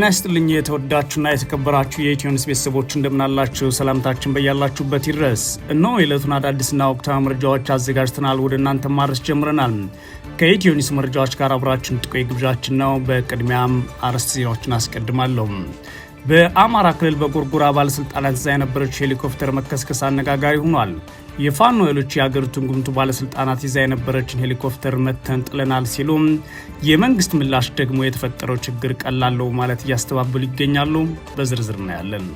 ጤና ይስጥልኝ የተወዳችሁና የተከበራችሁ የኢትዮንስ ቤተሰቦች እንደምናላችሁ ሰላምታችን በያላችሁበት ይድረስ። እነሆ የዕለቱን አዳዲስና ወቅታዊ መረጃዎች አዘጋጅተናል ወደ እናንተ ማድረስ ጀምረናል። ከኢትዮኒስ መረጃዎች ጋር አብራችን ጥቆይ ግብዣችን ነው። በቅድሚያም አርዕስተ ዜናዎችን አስቀድማለሁ። በአማራ ክልል በጎርጎራ ባለሥልጣናት ይዛ የነበረችው ሄሊኮፕተር መከስከስ አነጋጋሪ ሆኗል። የፋኖ ኃይሎች የአገሪቱን ጉምቱ ባለስልጣናት ይዛ የነበረችን ሄሊኮፕተር መተን ጥለናል ሲሉ፣ የመንግስት ምላሽ ደግሞ የተፈጠረው ችግር ቀላለው ማለት እያስተባበሉ ይገኛሉ። በዝርዝር እናያለን።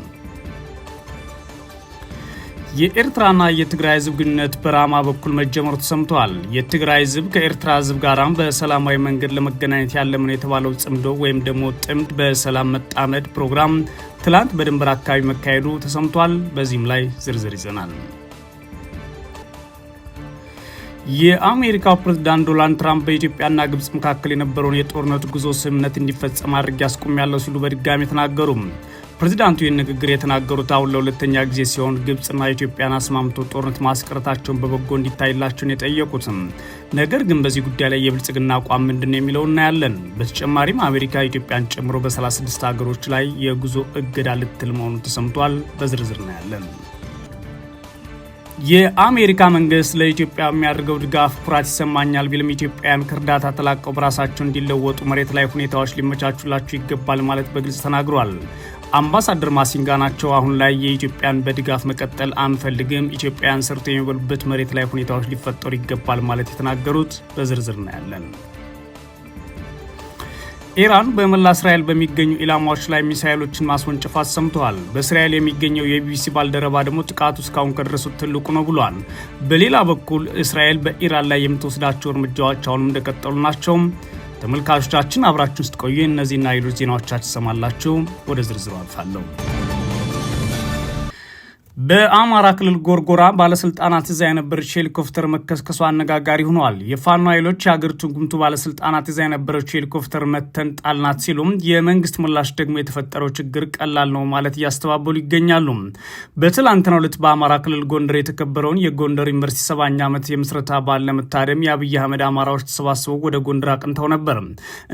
የኤርትራና የትግራይ ህዝብ ግንኙነት በራማ በኩል መጀመሩ ተሰምተዋል። የትግራይ ህዝብ ከኤርትራ ህዝብ ጋራም በሰላማዊ መንገድ ለመገናኘት ያለምን የተባለው ጽምዶ ወይም ደግሞ ጥምድ በሰላም መጣመድ ፕሮግራም ትላንት በድንበር አካባቢ መካሄዱ ተሰምቷል። በዚህም ላይ ዝርዝር ይዘናል። የአሜሪካ ፕሬዝዳንት ዶናልድ ትራምፕ በኢትዮጵያና ግብጽ መካከል የነበረውን የጦርነት ጉዞ ስምምነት እንዲፈጸም ያስቁም ያለው ሲሉ በድጋሚ ተናገሩ። ፕሬዚዳንቱ ይህን ንግግር የተናገሩት አሁን ለሁለተኛ ጊዜ ሲሆን ግብጽና ኢትዮጵያን አስማምቶ ጦርነት ማስቀረታቸውን በበጎ እንዲታይላቸውን የጠየቁትም። ነገር ግን በዚህ ጉዳይ ላይ የብልጽግና አቋም ምንድን የሚለው እናያለን። በተጨማሪም አሜሪካ ኢትዮጵያን ጨምሮ በ36 ሀገሮች ላይ የጉዞ እገዳ ልትል መሆኑ ተሰምቷል። በዝርዝር እናያለን። የአሜሪካ መንግስት ለኢትዮጵያ የሚያደርገው ድጋፍ ኩራት ይሰማኛል ቢልም ኢትዮጵያውያን ከእርዳታ ተላቀው በራሳቸው እንዲለወጡ መሬት ላይ ሁኔታዎች ሊመቻቹላቸው ይገባል ማለት በግልጽ ተናግሯል። አምባሳደር ማሲንጋ ናቸው። አሁን ላይ የኢትዮጵያን በድጋፍ መቀጠል አንፈልግም፣ ኢትዮጵያውያን ሰርቶ የሚበሉበት መሬት ላይ ሁኔታዎች ሊፈጠሩ ይገባል ማለት የተናገሩት በዝርዝር እናያለን። ኢራን በመላ እስራኤል በሚገኙ ኢላማዎች ላይ ሚሳይሎችን ማስወንጨፋት ሰምተዋል። በእስራኤል የሚገኘው የቢቢሲ ባልደረባ ደግሞ ጥቃቱ እስካሁን ከደረሱት ትልቁ ነው ብሏል። በሌላ በኩል እስራኤል በኢራን ላይ የምትወስዳቸው እርምጃዎች አሁንም እንደቀጠሉ ናቸው። ተመልካቾቻችን አብራችን ስትቆዩ እነዚህና ሌሎች ዜናዎቻችን ትሰማላችሁ። ወደ ዝርዝሩ አልፋለሁ። በአማራ ክልል ጎርጎራ ባለስልጣናት እዛ የነበረች ሄሊኮፕተር መከስከሱ አነጋጋሪ ሆኗል። የፋኖ ኃይሎች የአገሪቱን ጉምቱ ባለስልጣናት እዛ የነበረች ሄሊኮፕተር መተን ጣልናት ሲሉም፣ የመንግስት ምላሽ ደግሞ የተፈጠረው ችግር ቀላል ነው ማለት እያስተባበሉ ይገኛሉ። በትላንትናው ዕለት በአማራ ክልል ጎንደር የተከበረውን የጎንደር ዩኒቨርሲቲ ሰባኛ ዓመት የምስረታ በዓል ለመታደም የአብይ አህመድ አማራዎች ተሰባስበው ወደ ጎንደር አቅንተው ነበር።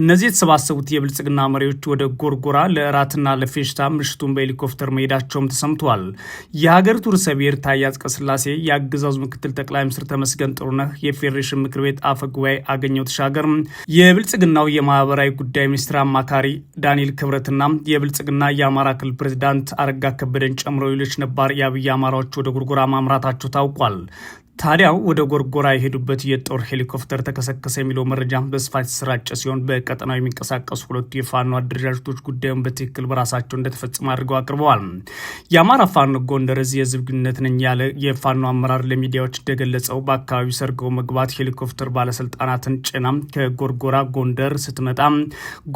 እነዚህ የተሰባሰቡት የብልጽግና መሪዎች ወደ ጎርጎራ ለእራትና ለፌሽታ ምሽቱን በሄሊኮፕተር መሄዳቸውም ተሰምቷል። የሀገሪቱ ርዕሰ ብሔር ታዬ አጽቀሥላሴ፣ የአገዛዙ ምክትል ጠቅላይ ሚኒስትር ተመስገን ጥሩነህ፣ የፌዴሬሽን ምክር ቤት አፈ ጉባኤ አገኘው ተሻገር፣ የብልጽግናው የማህበራዊ ጉዳይ ሚኒስትር አማካሪ ዳንኤል ክብረትና የብልጽግና የአማራ ክልል ፕሬዚዳንት አረጋ ከበደን ጨምሮ ሌሎች ነባር የአብይ አማራዎች ወደ ጉርጉራ ማምራታቸው ታውቋል። ታዲያ ወደ ጎርጎራ የሄዱበት የጦር ሄሊኮፕተር ተከሰከሰ የሚለው መረጃ በስፋት የተሰራጨ ሲሆን በቀጠናው የሚንቀሳቀሱ ሁለቱ የፋኖ አደረጃጀቶች ጉዳዩን በትክክል በራሳቸው እንደተፈጸመ አድርገው አቅርበዋል። የአማራ ፋኖ ጎንደር እዝ የህዝብ ግንኙነት ነኝ ያለ የፋኖ አመራር ለሚዲያዎች እንደገለጸው በአካባቢው ሰርገው መግባት ሄሊኮፕተር ባለስልጣናትን ጭና ከጎርጎራ ጎንደር ስትመጣ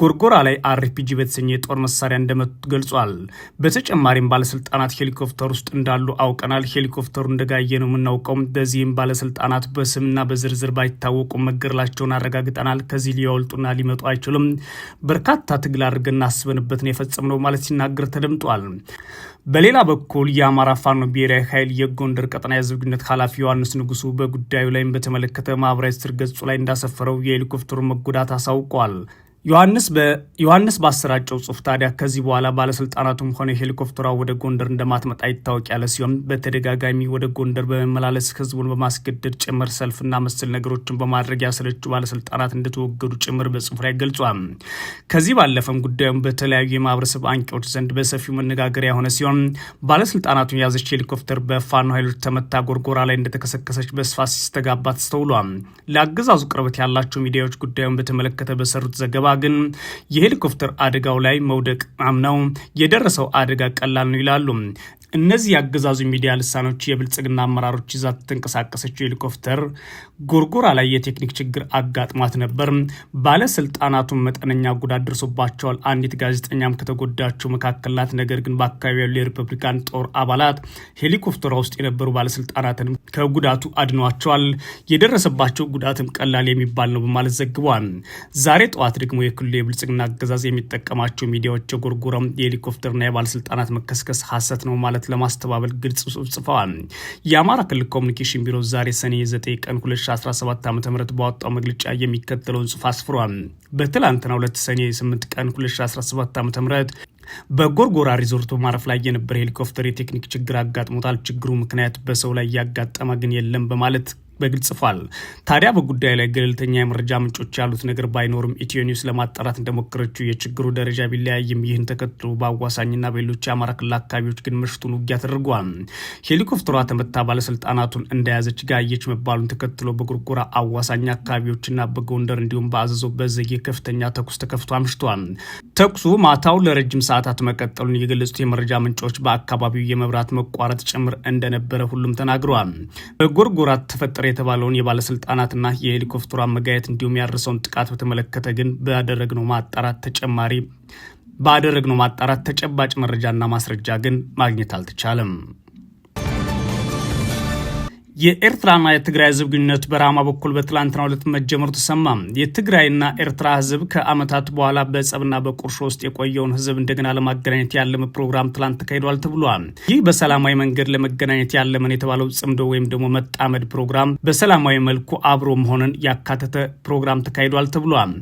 ጎርጎራ ላይ አርፒጂ በተሰኘ የጦር መሳሪያ እንደመቱ ገልጿል። በተጨማሪም ባለስልጣናት ሄሊኮፕተር ውስጥ እንዳሉ አውቀናል። ሄሊኮፕተሩ እንደጋየ ነው የምናውቀው እነዚህም ባለስልጣናት በስምና በዝርዝር ባይታወቁም መገደላቸውን አረጋግጠናል። ከዚህ ሊያወልጡና ሊመጡ አይችሉም። በርካታ ትግል አድርገን የፈጸም ነው ማለት ሲናገር ተደምጧል። በሌላ በኩል የአማራ ፋኖ ብሔራዊ ኃይል የጎንደር ቀጠና የህዝብ ግንኙነት ኃላፊ ዮሐንስ ንጉሱ በጉዳዩ ላይም በተመለከተ ማህበራዊ ትስስር ገጹ ላይ እንዳሰፈረው የሄሊኮፕተሩ መጎዳት አሳውቋል። ዮሐንስ ባሰራጨው ጽሁፍ ታዲያ ከዚህ በኋላ ባለስልጣናቱም ሆነ ሄሊኮፕተሯ ወደ ጎንደር እንደማትመጣ ይታወቅ ያለ ሲሆን በተደጋጋሚ ወደ ጎንደር በመመላለስ ህዝቡን በማስገደድ ጭምር ሰልፍና መሰል ነገሮችን በማድረግ ያሰለችው ባለስልጣናት እንደተወገዱ ጭምር በጽሁፍ ላይ ገልጿል። ከዚህ ባለፈም ጉዳዩም በተለያዩ የማህበረሰብ አንቂዎች ዘንድ በሰፊው መነጋገሪያ የሆነ ሲሆን ባለስልጣናቱን የያዘች ሄሊኮፕተር በፋኖ ኃይሎች ተመታ ጎርጎራ ላይ እንደተከሰከሰች በስፋት ሲስተጋባ ተስተውሏል። ለአገዛዙ ቅርበት ያላቸው ሚዲያዎች ጉዳዩን በተመለከተ በሰሩት ዘገባ ግን የሄሊኮፕተር አደጋው ላይ መውደቅ አምነው የደረሰው አደጋ ቀላል ነው ይላሉ። እነዚህ የአገዛዙ ሚዲያ ልሳኖች የብልጽግና አመራሮች ይዛ ተንቀሳቀሰችው ሄሊኮፕተር ጎርጎራ ላይ የቴክኒክ ችግር አጋጥሟት ነበር። ባለስልጣናቱን መጠነኛ ጉዳት ደርሶባቸዋል። አንዲት ጋዜጠኛም ከተጎዳቸው መካከል ናት። ነገር ግን በአካባቢ ያሉ የሪፐብሊካን ጦር አባላት ሄሊኮፕተሯ ውስጥ የነበሩ ባለስልጣናትን ከጉዳቱ አድኗቸዋል። የደረሰባቸው ጉዳትም ቀላል የሚባል ነው በማለት ዘግቧል። ዛሬ ጠዋት ደግሞ የክልሉ የብልጽግና አገዛዝ የሚጠቀማቸው ሚዲያዎች የጎርጎራ የሄሊኮፕተርና የባለስልጣናት መከስከስ ሀሰት ነው ማለት ጥረት ለማስተባበል ግልጽ ጽሑፍ ጽፈዋል። የአማራ ክልል ኮሚኒኬሽን ቢሮ ዛሬ ሰኔ 9 ቀን 2017 ዓ ም ባወጣው መግለጫ የሚከተለውን ጽሑፍ አስፍሯል። በትላንትና ሁለት ሰኔ 8 ቀን 2017 ዓ ም በጎርጎራ ሪዞርት በማረፍ ላይ የነበረ ሄሊኮፕተር የቴክኒክ ችግር አጋጥሞታል። ችግሩ ምክንያት በሰው ላይ እያጋጠመ ግን የለም በማለት በግልጽ ጽፏል። ታዲያ በጉዳዩ ላይ ገለልተኛ የመረጃ ምንጮች ያሉት ነገር ባይኖርም ኢትዮ ኒውስ ለማጣራት እንደሞከረችው የችግሩ ደረጃ ቢለያይም ይህን ተከትሎ በአዋሳኝና በሌሎች የአማራ ክልል አካባቢዎች ግን መሽቱን ውጊያ ተደርጓል። ሄሊኮፕተሯ ተመታ ባለስልጣናቱን እንደያዘች ጋየች መባሉን ተከትሎ በጉርጉራ አዋሳኝ አካባቢዎችና በጎንደር እንዲሁም በአዘዞ በዘጌ ከፍተኛ ተኩስ ተከፍቶ አምሽቷል። ተኩሱ ማታው ለረጅም ሰዓታት መቀጠሉን የገለጹት የመረጃ ምንጮች በአካባቢው የመብራት መቋረጥ ጭምር እንደነበረ ሁሉም ተናግረዋል። በጎርጎራ ተፈጠረ ተፈጠረ የተባለውን የባለስልጣናትና የሄሊኮፕተሩ መጋየት እንዲሁም ያደረሰውን ጥቃት በተመለከተ ግን ባደረግነው ማጣራት ተጨማሪ ባደረግነው ማጣራት ተጨባጭ መረጃና ማስረጃ ግን ማግኘት አልተቻለም። የኤርትራና የትግራይ ህዝብ ግንኙነት በራማ በኩል በትላንትናው ዕለት መጀመሩ ተሰማ። የትግራይና ኤርትራ ህዝብ ከዓመታት በኋላ በጸብና በቁርሾ ውስጥ የቆየውን ህዝብ እንደገና ለማገናኘት ያለመ ፕሮግራም ትላንት ተካሂዷል ተብሏል። ይህ በሰላማዊ መንገድ ለመገናኘት ያለመን የተባለው ጽምዶ ወይም ደግሞ መጣመድ ፕሮግራም በሰላማዊ መልኩ አብሮ መሆንን ያካተተ ፕሮግራም ተካሂዷል ተብሏል።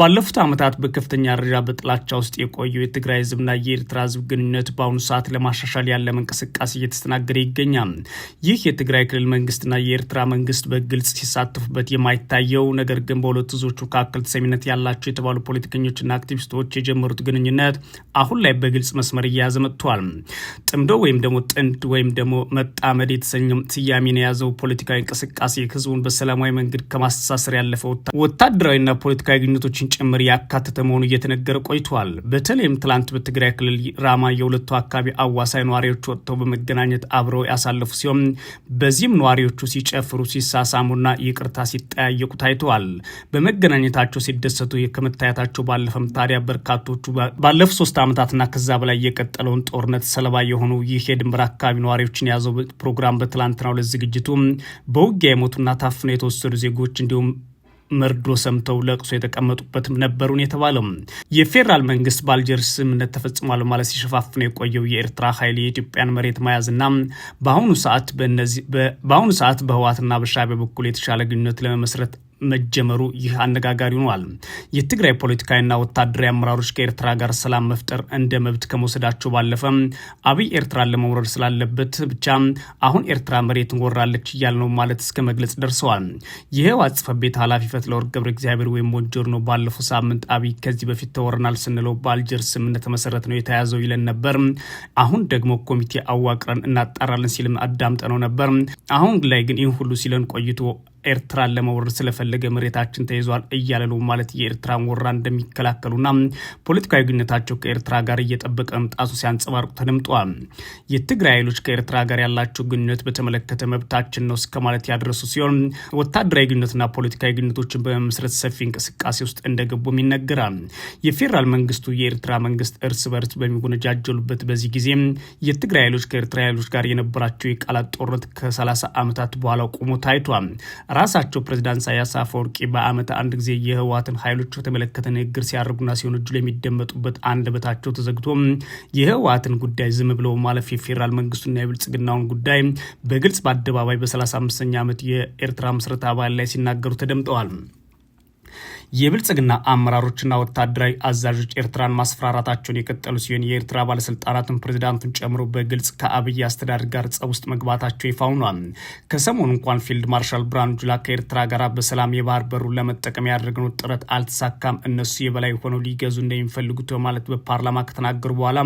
ባለፉት ዓመታት በከፍተኛ ደረጃ በጥላቻ ውስጥ የቆየው የትግራይ ህዝብና የኤርትራ ህዝብ ግንኙነት በአሁኑ ሰዓት ለማሻሻል ያለመ እንቅስቃሴ እየተስተናገደ ይገኛል። ይህ የትግራይ ክልል መንግስትና የኤርትራ መንግስት በግልጽ ሲሳተፉበት የማይታየው ነገር ግን በሁለቱ ዞች መካከል ተሰሚነት ያላቸው የተባሉ ፖለቲከኞችና አክቲቪስቶች የጀመሩት ግንኙነት አሁን ላይ በግልጽ መስመር እየያዘ መጥቷል። ጥምዶ ወይም ደግሞ ጥንድ ወይም ደግሞ መጣመድ የተሰኘው ስያሜን የያዘው ፖለቲካዊ እንቅስቃሴ ህዝቡን በሰላማዊ መንገድ ከማስተሳሰር ያለፈ ወታደራዊና ፖለቲካዊ ግንኙነቶችን ጭምር ያካተተ መሆኑ እየተነገረ ቆይቷል። በተለይም ትላንት በትግራይ ክልል ራማ የሁለቱ አካባቢ አዋሳኝ ነዋሪዎች ወጥተው በመገናኘት አብረው ያሳለፉ ሲሆን በዚህም ነ ነዋሪዎቹ ሲጨፍሩ ሲሳሳሙና ይቅርታ ሲጠያየቁ ታይተዋል። በመገናኘታቸው ሲደሰቱ ከመታየታቸው ባለፈም ታዲያ በርካቶቹ ባለፉ ሶስት ዓመታትና ከዛ በላይ የቀጠለውን ጦርነት ሰለባ የሆኑ ይህ የድንበር አካባቢ ነዋሪዎችን የያዘው ፕሮግራም በትላንትናው ዕለት ዝግጅቱ በውጊያ የሞቱና ታፍነው የተወሰዱ ዜጎች እንዲሁም መርዶ ሰምተው ለቅሶ የተቀመጡበትም ነበሩን የተባለው የፌዴራል መንግስት በአልጀርስ ስምምነት ተፈጽሟል ማለት ሲሸፋፍነው የቆየው የኤርትራ ኃይል የኢትዮጵያን መሬት መያዝና በአሁኑ ሰዓት በእነዚህ በአሁኑ ሰዓት በህዋትና በሻቢያ በኩል የተሻለ ግንኙነት ለመመስረት መጀመሩ ይህ አነጋጋሪ ሆኗል። የትግራይ ፖለቲካዊና ወታደራዊ አመራሮች ከኤርትራ ጋር ሰላም መፍጠር እንደ መብት ከመውሰዳቸው ባለፈ አብይ ኤርትራን ለመውረድ ስላለበት ብቻ አሁን ኤርትራ መሬት እንወራለች እያል ነው ማለት እስከ መግለጽ ደርሰዋል። የህወሓት ጽሕፈት ቤት ኃላፊ ፈትለወርቅ ገብረ እግዚአብሔር ወይም ወንጀር ነው ባለፈው ሳምንት አብይ ከዚህ በፊት ተወረናል ስንለው በአልጀር ስምምነት መሰረት ነው የተያዘው ይለን ነበር። አሁን ደግሞ ኮሚቴ አዋቅረን እናጣራለን ሲልም አዳምጠነው ነበር። አሁን ላይ ግን ይህን ሁሉ ሲለን ቆይቶ ኤርትራን ለመውረድ ስለፈለገ መሬታችን ተይዟል እያለሉ ማለት የኤርትራን ወራ እንደሚከላከሉና ፖለቲካዊ ግንኙነታቸው ከኤርትራ ጋር እየጠበቀ መምጣቱ ሲያንጸባርቁ ተደምጠዋል። የትግራይ ኃይሎች ከኤርትራ ጋር ያላቸው ግንኙነት በተመለከተ መብታችን ነው እስከ ማለት ያደረሱ ሲሆን ወታደራዊ ግንኙነትና ፖለቲካዊ ግንኙነቶችን በመመስረት ሰፊ እንቅስቃሴ ውስጥ እንደገቡም ይነገራል። የፌዴራል መንግስቱ የኤርትራ መንግስት እርስ በርስ በሚጎነጃጀሉበት በዚህ ጊዜ የትግራይ ኃይሎች ከኤርትራ ኃይሎች ጋር የነበራቸው የቃላት ጦርነት ከ30 ዓመታት በኋላ ቆሞ ታይቷል። ራሳቸው ፕሬዚዳንት ኢሳያስ አፈወርቂ በአመት አንድ ጊዜ የህወሓትን ኃይሎች በተመለከተ ንግግር ሲያደርጉና ሲወነጅሉ የሚደመጡበት አንደበታቸው ተዘግቶ የህወሓትን ጉዳይ ዝም ብለው ማለፍ የፌዴራል መንግስቱና የብልጽግናውን ጉዳይ በግልጽ በአደባባይ በ35ኛ ዓመት የኤርትራ ምስረታ በዓል ላይ ሲናገሩ ተደምጠዋል። የብልጽግና አመራሮችና ወታደራዊ አዛዦች ኤርትራን ማስፈራራታቸውን የቀጠሉ ሲሆን የኤርትራ ባለስልጣናትን ፕሬዚዳንቱን ጨምሮ በግልጽ ከአብይ አስተዳደር ጋር ጸብ ውስጥ መግባታቸው ይፋ ሆኗል። ከሰሞኑ እንኳን ፊልድ ማርሻል ብርሃኑ ጁላ ከኤርትራ ጋር በሰላም የባህር በሩ ለመጠቀም ያደረግነው ጥረት አልተሳካም፣ እነሱ የበላይ ሆነው ሊገዙ እንደሚፈልጉት በማለት በፓርላማ ከተናገሩ በኋላ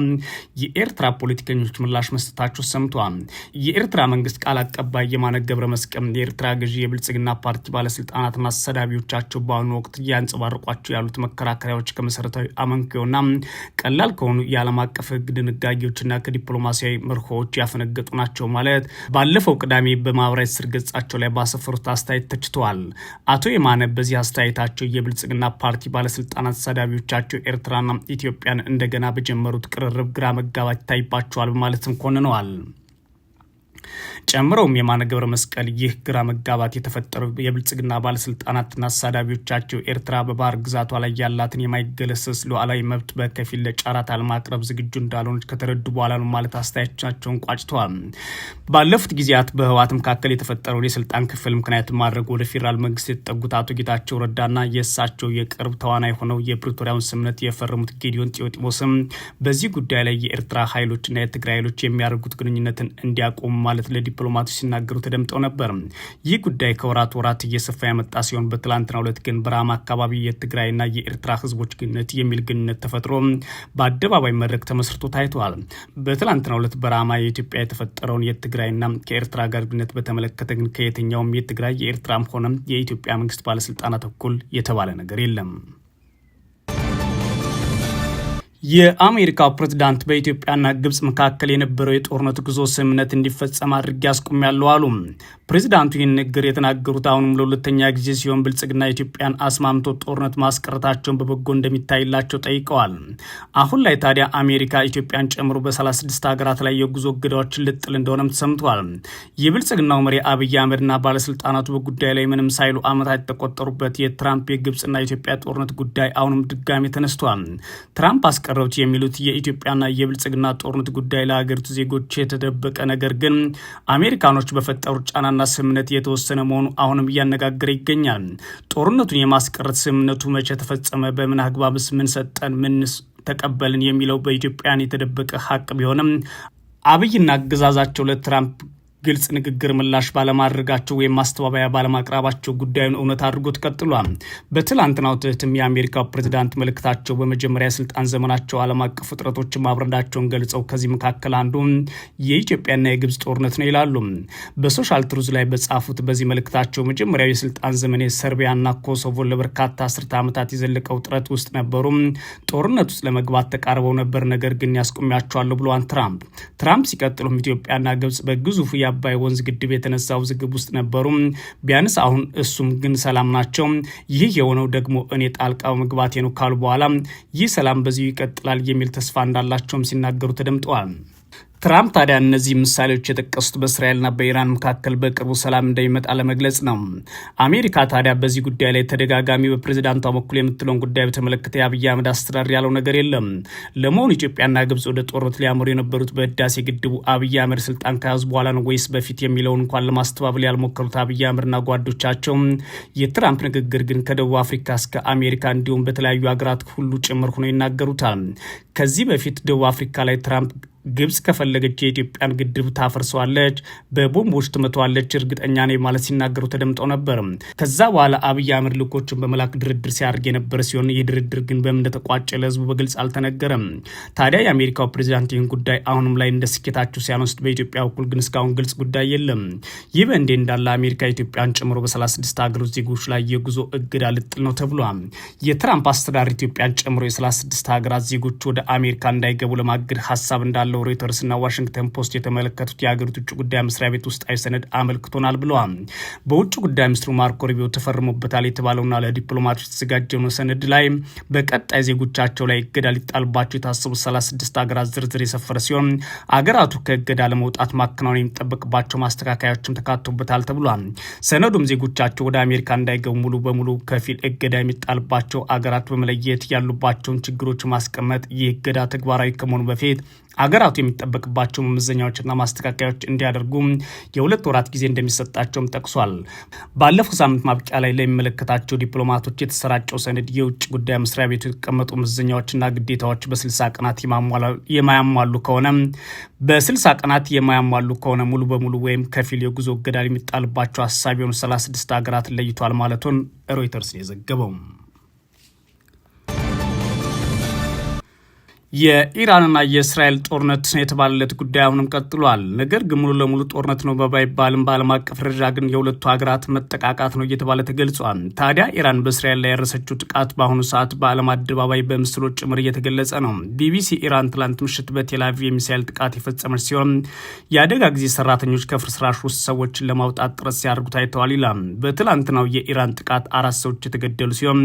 የኤርትራ ፖለቲከኞች ምላሽ መስጠታቸው ሰምተዋል። የኤርትራ መንግስት ቃል አቀባይ የማነ ገብረ መስቀል የኤርትራ ገዢ የብልጽግና ፓርቲ ባለስልጣናትና ሰዳቢዎቻቸው በአሁኑ ወቅት ያንጸባርቋቸው ያሉት መከራከሪያዎች ከመሰረታዊ አመንክዮና ቀላል ከሆኑ የዓለም አቀፍ ሕግ ድንጋጌዎችና ከዲፕሎማሲያዊ መርሆዎች ያፈነገጡ ናቸው ማለት ባለፈው ቅዳሜ በማህበራዊ ስር ገጻቸው ላይ ባሰፈሩት አስተያየት ተችተዋል። አቶ የማነ በዚህ አስተያየታቸው የብልጽግና ፓርቲ ባለስልጣናት ተሳዳቢዎቻቸው ኤርትራና ኢትዮጵያን እንደገና በጀመሩት ቅርርብ ግራ መጋባት ይታይባቸዋል በማለትም ኮንነዋል። ጨምረውም የማነ ገብረ መስቀል ይህ ግራ መጋባት የተፈጠረው የብልጽግና ባለስልጣናትና አሳዳቢዎቻቸው ኤርትራ በባህር ግዛቷ ላይ ያላትን የማይገለሰስ ሉዓላዊ መብት በከፊል ለጨረታ ለማቅረብ ዝግጁ እንዳልሆነች ከተረዱ በኋላ ነው ማለት አስተያየቶቻቸውን ቋጭተዋል። ባለፉት ጊዜያት በህወሓት መካከል የተፈጠረውን የስልጣን ክፍል ምክንያት ማድረግ ወደ ፌዴራል መንግስት የተጠጉት አቶ ጌታቸው ረዳና የእሳቸው የቅርብ ተዋናይ ሆነው የፕሪቶሪያውን ስምምነት የፈረሙት ጌዲዮን ጢሞቴዎስም በዚህ ጉዳይ ላይ የኤርትራ ኃይሎችና የትግራይ ኃይሎች የሚያደርጉት ግንኙነትን እንዲያቆሙ ማለት በማለት ለዲፕሎማቶች ሲናገሩ ተደምጠው ነበር። ይህ ጉዳይ ከወራት ወራት እየሰፋ ያመጣ ሲሆን በትላንትናው ዕለት ግን በራማ አካባቢ የትግራይና የኤርትራ ህዝቦች ግንኙነት የሚል ግንኙነት ተፈጥሮ በአደባባይ መድረክ ተመስርቶ ታይተዋል። በትላንትናው ዕለት በራማ የኢትዮጵያ የተፈጠረውን የትግራይና ከኤርትራ ጋር ግንኙነት በተመለከተ ግን ከየትኛውም የትግራይ የኤርትራም ሆነ የኢትዮጵያ መንግስት ባለስልጣናት እኩል የተባለ ነገር የለም። የአሜሪካ ፕሬዝዳንት በኢትዮጵያና ግብጽ መካከል የነበረው የጦርነት ጉዞ ስምምነት እንዲፈጸም አድርጌ አስቁም ያለው አሉ። ፕሬዚዳንቱ ይህን ንግግር የተናገሩት አሁንም ለሁለተኛ ጊዜ ሲሆን ብልጽግና ኢትዮጵያን አስማምቶ ጦርነት ማስቀረታቸውን በበጎ እንደሚታይላቸው ጠይቀዋል። አሁን ላይ ታዲያ አሜሪካ ኢትዮጵያን ጨምሮ በ36 ሀገራት ላይ የጉዞ እገዳዎችን ልጥል እንደሆነም ተሰምቷል። የብልጽግናው መሪ አብይ አህመድና ባለስልጣናቱ በጉዳይ ላይ ምንም ሳይሉ ዓመታት የተቆጠሩበት የትራምፕ የግብፅና የኢትዮጵያ ጦርነት ጉዳይ አሁንም ድጋሚ ተነስቷል። ትራምፕ አስቀረቡት የሚሉት የኢትዮጵያና የብልጽግና ጦርነት ጉዳይ ለሀገሪቱ ዜጎች የተደበቀ ነገር ግን አሜሪካኖች በፈጠሩ ጫናና የሰላምና ስምምነት የተወሰነ መሆኑ አሁንም እያነጋገረ ይገኛል። ጦርነቱን የማስቀረት ስምምነቱ መቼ ተፈጸመ? በምን አግባብስ? ምን ሰጠን? ምን ተቀበልን? የሚለው በኢትዮጵያን የተደበቀ ሀቅ ቢሆንም አብይና አገዛዛቸው ለትራምፕ ግልጽ ንግግር ምላሽ ባለማድረጋቸው ወይም ማስተባበያ ባለማቅረባቸው ጉዳዩን እውነት አድርጎት ቀጥሏል። በትላንትናው ትህትም የአሜሪካው ፕሬዚዳንት መልእክታቸው በመጀመሪያ የስልጣን ዘመናቸው ዓለም አቀፍ ውጥረቶችን ማብረዳቸውን ገልጸው ከዚህ መካከል አንዱ የኢትዮጵያና የግብጽ ጦርነት ነው ይላሉ። በሶሻል ትሩዝ ላይ በጻፉት በዚህ መልእክታቸው መጀመሪያው የስልጣን ዘመኔ ሰርቢያና ኮሶቮ ለበርካታ አስርተ ዓመታት የዘለቀው ውጥረት ውስጥ ነበሩ። ጦርነት ውስጥ ለመግባት ተቃርበው ነበር፣ ነገር ግን ያስቆሚያቸዋለሁ ብለዋል ትራምፕ። ትራምፕ ሲቀጥሉም ኢትዮጵያና ግብጽ በግዙፍ የአባይ ወንዝ ግድብ የተነሳ ውዝግብ ውስጥ ነበሩ። ቢያንስ አሁን እሱም ግን ሰላም ናቸው። ይህ የሆነው ደግሞ እኔ ጣልቃ መግባቴ ነው ካሉ በኋላ ይህ ሰላም በዚሁ ይቀጥላል የሚል ተስፋ እንዳላቸውም ሲናገሩ ተደምጠዋል። ትራምፕ ታዲያ እነዚህ ምሳሌዎች የጠቀሱት በእስራኤልና በኢራን መካከል በቅርቡ ሰላም እንደሚመጣ ለመግለጽ ነው። አሜሪካ ታዲያ በዚህ ጉዳይ ላይ ተደጋጋሚ በፕሬዚዳንቷ በኩል የምትለውን ጉዳይ በተመለከተ የአብይ አህመድ አስተዳደር ያለው ነገር የለም። ለመሆኑ ኢትዮጵያና ግብጽ ወደ ጦርነት ሊያመሩ የነበሩት በህዳሴ ግድቡ አብይ አህመድ ስልጣን ከያዙ በኋላ ነው ወይስ በፊት የሚለውን እንኳን ለማስተባበል ያልሞከሩት አብይ አህመድና ጓዶቻቸው። የትራምፕ ንግግር ግን ከደቡብ አፍሪካ እስከ አሜሪካ እንዲሁም በተለያዩ ሀገራት ሁሉ ጭምር ሆኖ ይናገሩታል። ከዚህ በፊት ደቡብ አፍሪካ ላይ ትራምፕ ግብጽ ከፈለገች የኢትዮጵያን ግድብ ታፈርሰዋለች፣ በቦምቦች ትመተዋለች፣ እርግጠኛ ነኝ ማለት ሲናገሩ ተደምጠው ነበር። ከዛ በኋላ አብይ አህመድ ልኮችን በመላክ ድርድር ሲያደርግ የነበረ ሲሆን ይህ ድርድር ግን በምን እንደተቋጨ ለህዝቡ በግልጽ አልተነገረም። ታዲያ የአሜሪካው ፕሬዚዳንት ይህን ጉዳይ አሁንም ላይ እንደ ስኬታቸው ሲያነሱት፣ በኢትዮጵያ በኩል ግን እስካሁን ግልጽ ጉዳይ የለም። ይህ በእንዴ እንዳለ አሜሪካ ኢትዮጵያን ጨምሮ በ36 ሀገሮች ዜጎች ላይ የጉዞ እግድ አልጥል ነው ተብሏል። የትራምፕ አስተዳደር ኢትዮጵያን ጨምሮ የ36 ሀገራት ዜጎች ወደ አሜሪካ እንዳይገቡ ለማገድ ሀሳብ እንዳለ ያለው እና ዋሽንግተን ፖስት የተመለከቱት የሀገሪቱ ውጭ ጉዳይ መስሪያ ቤት ውስጣዊ ሰነድ አመልክቶናል ብለዋል። በውጭ ጉዳይ ሚኒስትሩ ማርኮ ሩቢዮ ተፈርሞበታል የተባለውና ለዲፕሎማቶች የተዘጋጀው ሰነድ ላይ በቀጣይ ዜጎቻቸው ላይ እገዳ ሊጣልባቸው የታሰቡ 36 ሀገራት ዝርዝር የሰፈረ ሲሆን አገራቱ ከእገዳ ለመውጣት ማከናወን የሚጠበቅባቸው ማስተካከያዎችም ተካቶበታል ተብሏል። ሰነዱም ዜጎቻቸው ወደ አሜሪካ እንዳይገቡ ሙሉ በሙሉ ከፊል እገዳ የሚጣልባቸው አገራት በመለየት ያሉባቸውን ችግሮች ማስቀመጥ ይህ እገዳ ተግባራዊ ከመሆኑ በፊት አገራቱ የሚጠበቅባቸው መመዘኛዎችና ማስተካከያዎች እንዲያደርጉ የሁለት ወራት ጊዜ እንደሚሰጣቸውም ጠቅሷል። ባለፈው ሳምንት ማብቂያ ላይ ለሚመለከታቸው ዲፕሎማቶች የተሰራጨው ሰነድ የውጭ ጉዳይ መስሪያ ቤቱ የተቀመጡ መመዘኛዎችና ግዴታዎች በስልሳ ቀናት የማያሟሉ ከሆነ በስልሳ ቀናት የማያሟሉ ከሆነ ሙሉ በሙሉ ወይም ከፊል የጉዞ እገዳ የሚጣልባቸው አሳቢ የሆኑ 36 ሀገራት ለይቷል ማለቱን ሮይተርስ የዘገበው የኢራንና የእስራኤል ጦርነት የተባለለት ጉዳይ አሁንም ቀጥሏል። ነገር ግን ሙሉ ለሙሉ ጦርነት ነው በባይባልም በዓለም አቀፍ ደረጃ ግን የሁለቱ ሀገራት መጠቃቃት ነው እየተባለ ተገልጿል። ታዲያ ኢራን በእስራኤል ላይ ያደረሰችው ጥቃት በአሁኑ ሰዓት በዓለም አደባባይ በምስሎች ጭምር እየተገለጸ ነው። ቢቢሲ ኢራን ትላንት ምሽት በቴላቪቭ የሚሳኤል ጥቃት የፈጸመች ሲሆን የአደጋ ጊዜ ሰራተኞች ከፍርስራሽ ውስጥ ሰዎችን ለማውጣት ጥረት ሲያደርጉ ታይተዋል ይላል። በትላንትናው የኢራን ጥቃት አራት ሰዎች የተገደሉ ሲሆን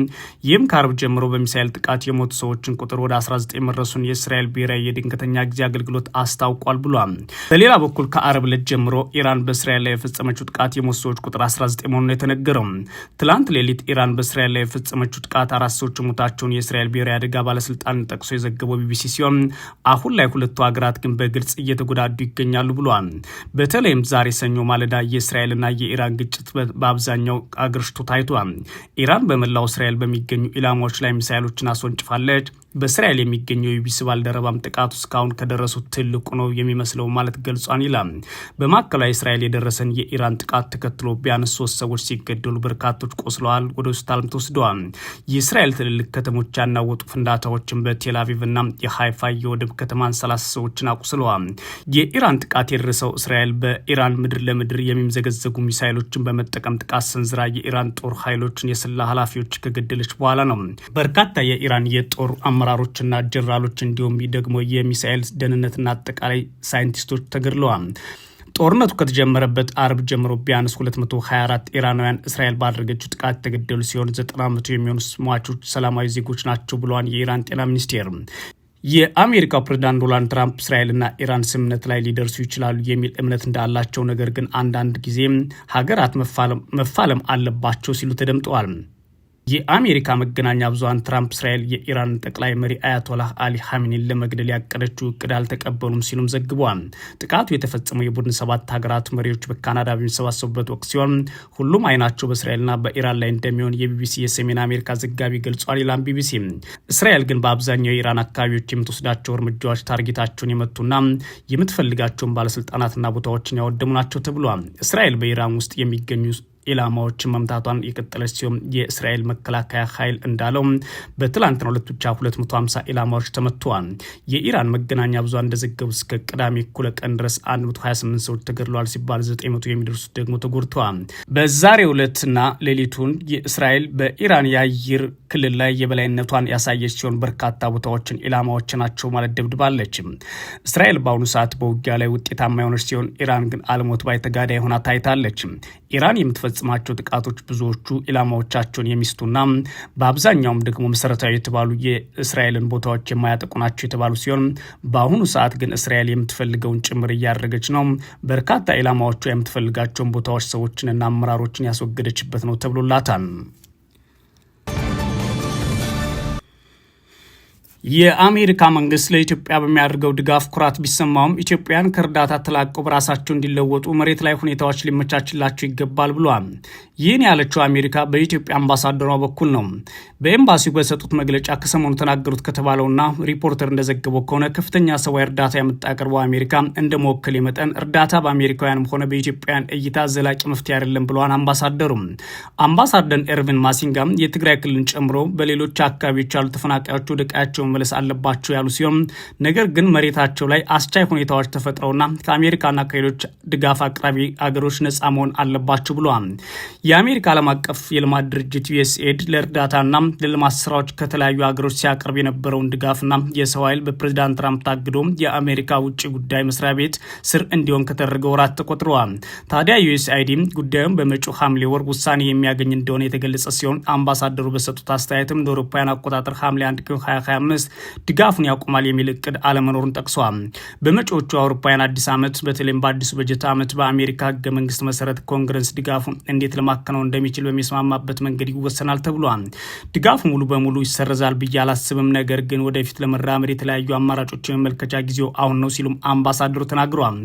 ይህም ከአርብ ጀምሮ በሚሳኤል ጥቃት የሞቱ ሰዎችን ቁጥር ወደ 19 መድረሱ መድረሱን የእስራኤል ብሔራዊ የድንገተኛ ጊዜ አገልግሎት አስታውቋል ብሏል። በሌላ በኩል ከአረብ ዕለት ጀምሮ ኢራን በእስራኤል ላይ የፈጸመችው ጥቃት የሞት ሰዎች ቁጥር 19 መሆኑን የተነገረው ትላንት ሌሊት ኢራን በእስራኤል ላይ የፈጸመችው ጥቃት አራት ሰዎች ሞታቸውን የእስራኤል ብሔራዊ አደጋ ባለስልጣን ጠቅሶ የዘገበው ቢቢሲ ሲሆን አሁን ላይ ሁለቱ ሀገራት ግን በግልጽ እየተጎዳዱ ይገኛሉ ብሏል። በተለይም ዛሬ ሰኞ ማለዳ የእስራኤልና የኢራን ግጭት በአብዛኛው አገርሽቶ ታይቷል። ኢራን በመላው እስራኤል በሚገኙ ኢላማዎች ላይ ሚሳይሎችን አስወንጭፋለች። በእስራኤል የሚገኘው የቢቢሲ ባልደረባም ጥቃቱ እስካሁን ከደረሱት ትልቁ ነው የሚመስለው ማለት ገልጿን ይላል። በማዕከላዊ እስራኤል የደረሰን የኢራን ጥቃት ተከትሎ ቢያንስ ሶስት ሰዎች ሲገደሉ በርካቶች ቆስለዋል፣ ወደ ሆስፒታልም ተወስደዋል። የእስራኤል ትልልቅ ከተሞች ያናወጡ ፍንዳታዎችን በቴልአቪቭና የሃይፋ የወደብ ከተማን ሰላሳ ሰዎችን አቁስለዋል። የኢራን ጥቃት የደረሰው እስራኤል በኢራን ምድር ለምድር የሚምዘገዘጉ ሚሳይሎችን በመጠቀም ጥቃት ሰንዝራ የኢራን ጦር ኃይሎችን የስላ ኃላፊዎች ከገደለች በኋላ ነው። በርካታ የኢራን የጦር አመራሮችና ጀነራሎች እንዲሁም ደግሞ የሚሳኤል ደህንነትና አጠቃላይ ሳይንቲስቶች ተገድለዋል። ጦርነቱ ከተጀመረበት አርብ ጀምሮ ቢያንስ 224 ኢራናውያን እስራኤል ባደረገችው ጥቃት የተገደሉ ሲሆን 90 በመቶ የሚሆኑ ሟቾች ሰላማዊ ዜጎች ናቸው ብለዋል የኢራን ጤና ሚኒስቴር። የአሜሪካው ፕሬዚዳንት ዶናልድ ትራምፕ እስራኤልና ኢራን ስምምነት ላይ ሊደርሱ ይችላሉ የሚል እምነት እንዳላቸው፣ ነገር ግን አንዳንድ ጊዜ ሀገራት መፋለም አለባቸው ሲሉ ተደምጠዋል። የአሜሪካ መገናኛ ብዙሀን ትራምፕ እስራኤል የኢራን ጠቅላይ መሪ አያቶላህ አሊ ሐሚኒን ለመግደል ያቀደችው እቅድ አልተቀበሉም ሲሉም ዘግቧል። ጥቃቱ የተፈጸመው የቡድን ሰባት ሀገራት መሪዎች በካናዳ በሚሰባሰቡበት ወቅት ሲሆን ሁሉም አይናቸው በእስራኤልና በኢራን ላይ እንደሚሆን የቢቢሲ የሰሜን አሜሪካ ዘጋቢ ገልጿል ይላል ቢቢሲ። እስራኤል ግን በአብዛኛው የኢራን አካባቢዎች የምትወስዳቸው እርምጃዎች ታርጌታቸውን የመቱና የምትፈልጋቸውን ባለስልጣናትና ቦታዎችን ያወደሙ ናቸው ተብሏል። እስራኤል በኢራን ውስጥ የሚገኙ ኢላማዎችን መምታቷን የቀጠለች ሲሆን የእስራኤል መከላከያ ኃይል እንዳለው በትላንትና ሁለት ብቻ 250 ኢላማዎች ተመትተዋል። የኢራን መገናኛ ብዙሃን እንደዘገቡ እስከ ቅዳሜ እኩለ ቀን ድረስ 128 ሰዎች ተገድለዋል ሲባል 900 የሚደርሱት ደግሞ ተጎድተዋል። በዛሬው ዕለትና ሌሊቱን የእስራኤል በኢራን የአየር ክልል ላይ የበላይነቷን ያሳየች ሲሆን በርካታ ቦታዎችን ኢላማዎች ናቸው ማለት ደብድባለች። እስራኤል በአሁኑ ሰዓት በውጊያ ላይ ውጤታማ የሆነች ሲሆን ኢራን ግን አልሞት ባይ ተጋዳይ ሆና ታይታለች። ኢራን የምትፈ በሚፈጽማቸው ጥቃቶች ብዙዎቹ ኢላማዎቻቸውን የሚስቱና በአብዛኛውም ደግሞ መሰረታዊ የተባሉ የእስራኤልን ቦታዎች የማያጠቁ ናቸው የተባሉ ሲሆን በአሁኑ ሰዓት ግን እስራኤል የምትፈልገውን ጭምር እያደረገች ነው። በርካታ ኢላማዎቿ የምትፈልጋቸውን ቦታዎች ሰዎችንና አመራሮችን ያስወገደችበት ነው ተብሎላታል። የአሜሪካ መንግስት ለኢትዮጵያ በሚያደርገው ድጋፍ ኩራት ቢሰማውም ኢትዮጵያን ከእርዳታ ተላቀው በራሳቸው እንዲለወጡ መሬት ላይ ሁኔታዎች ሊመቻችላቸው ይገባል ብሏል። ይህን ያለችው አሜሪካ በኢትዮጵያ አምባሳደሯ በኩል ነው። በኤምባሲው በሰጡት መግለጫ ከሰሞኑ ተናገሩት ከተባለውና ሪፖርተር እንደዘገበው ከሆነ ከፍተኛ ሰብዓዊ እርዳታ የምታቀርበው አሜሪካ እንደ መወከል መጠን እርዳታ በአሜሪካውያንም ሆነ በኢትዮጵያውያን እይታ ዘላቂ መፍትሄ አይደለም ብለዋል አምባሳደሩም። አምባሳደር ኤርቪን ማሲንጋም የትግራይ ክልልን ጨምሮ በሌሎች አካባቢዎች ያሉ ተፈናቃዮች ወደ ቀያቸው መመለስ አለባቸው ያሉ ሲሆን ነገር ግን መሬታቸው ላይ አስቻይ ሁኔታዎች ተፈጥረውና ከአሜሪካና ከሌሎች ድጋፍ አቅራቢ አገሮች ነጻ መሆን አለባቸው ብለዋል። የአሜሪካ ዓለም አቀፍ የልማት ድርጅት ዩኤስኤድ ለእርዳታና ለልማት ስራዎች ከተለያዩ አገሮች ሲያቀርብ የነበረውን ድጋፍና የሰው ኃይል በፕሬዚዳንት ትራምፕ ታግዶ የአሜሪካ ውጭ ጉዳይ መስሪያ ቤት ስር እንዲሆን ከተደረገ ወራት ተቆጥረዋል። ታዲያ ዩኤስአይዲ ጉዳዩን በመጪው ሐምሌ ወር ውሳኔ የሚያገኝ እንደሆነ የተገለጸ ሲሆን አምባሳደሩ በሰጡት አስተያየትም እንደ አውሮፓውያን አቆጣጠር ሐምሌ 1 ቀን መንግስት ድጋፉን ያቆማል የሚል እቅድ አለመኖሩን ጠቅሰዋል። በመጪዎቹ አውሮፓውያን አዲስ ዓመት በተለይም በአዲሱ በጀት ዓመት በአሜሪካ ህገ መንግስት መሰረት ኮንግረስ ድጋፉ እንዴት ለማከናወን እንደሚችል በሚስማማበት መንገድ ይወሰናል ተብሏል። ድጋፉ ሙሉ በሙሉ ይሰረዛል ብዬ አላስብም፣ ነገር ግን ወደፊት ለመራመድ የተለያዩ አማራጮች የመመልከቻ ጊዜው አሁን ነው ሲሉም አምባሳደሩ ተናግረዋል።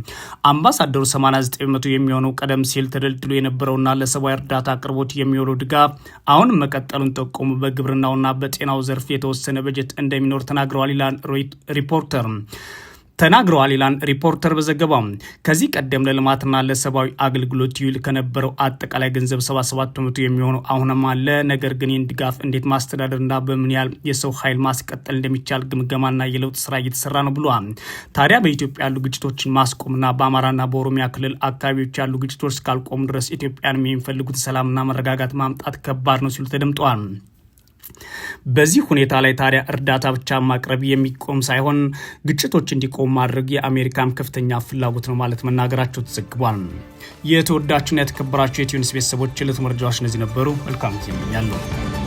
አምባሳደሩ 89 በመቶ የሚሆነው ቀደም ሲል ተደልድሎ የነበረውና ለሰብአዊ እርዳታ አቅርቦት የሚውለው ድጋፍ አሁንም መቀጠሉን ጠቆሙ። በግብርናውና በጤናው ዘርፍ የተወሰነ በጀት እንደሚ እንደሚኖር ተናግረዋል ይላል ሪፖርተር ተናግረዋል ይላል ሪፖርተር በዘገባው ከዚህ ቀደም ለልማትና ለሰብአዊ አገልግሎት ይውል ከነበረው አጠቃላይ ገንዘብ 77 በመቶ የሚሆነው አሁንም አለ። ነገር ግን ይህን ድጋፍ እንዴት ማስተዳደርና በምን ያህል የሰው ኃይል ማስቀጠል እንደሚቻል ግምገማና የለውጥ ስራ እየተሰራ ነው ብሏል። ታዲያ በኢትዮጵያ ያሉ ግጭቶችን ማስቆምና በአማራና በኦሮሚያ ክልል አካባቢዎች ያሉ ግጭቶች እስካልቆሙ ድረስ ኢትዮጵያን የሚፈልጉት ሰላምና መረጋጋት ማምጣት ከባድ ነው ሲሉ ተደምጠዋል። በዚህ ሁኔታ ላይ ታዲያ እርዳታ ብቻ ማቅረብ የሚቆም ሳይሆን ግጭቶች እንዲቆም ማድረግ የአሜሪካም ከፍተኛ ፍላጎት ነው ማለት መናገራቸው ተዘግቧል። የተወዳችሁና የተከበራችሁ የትዩኒስ ቤተሰቦች ዕለት መረጃዎች እነዚህ ነበሩ። መልካም ጊዜ እመኛለሁ።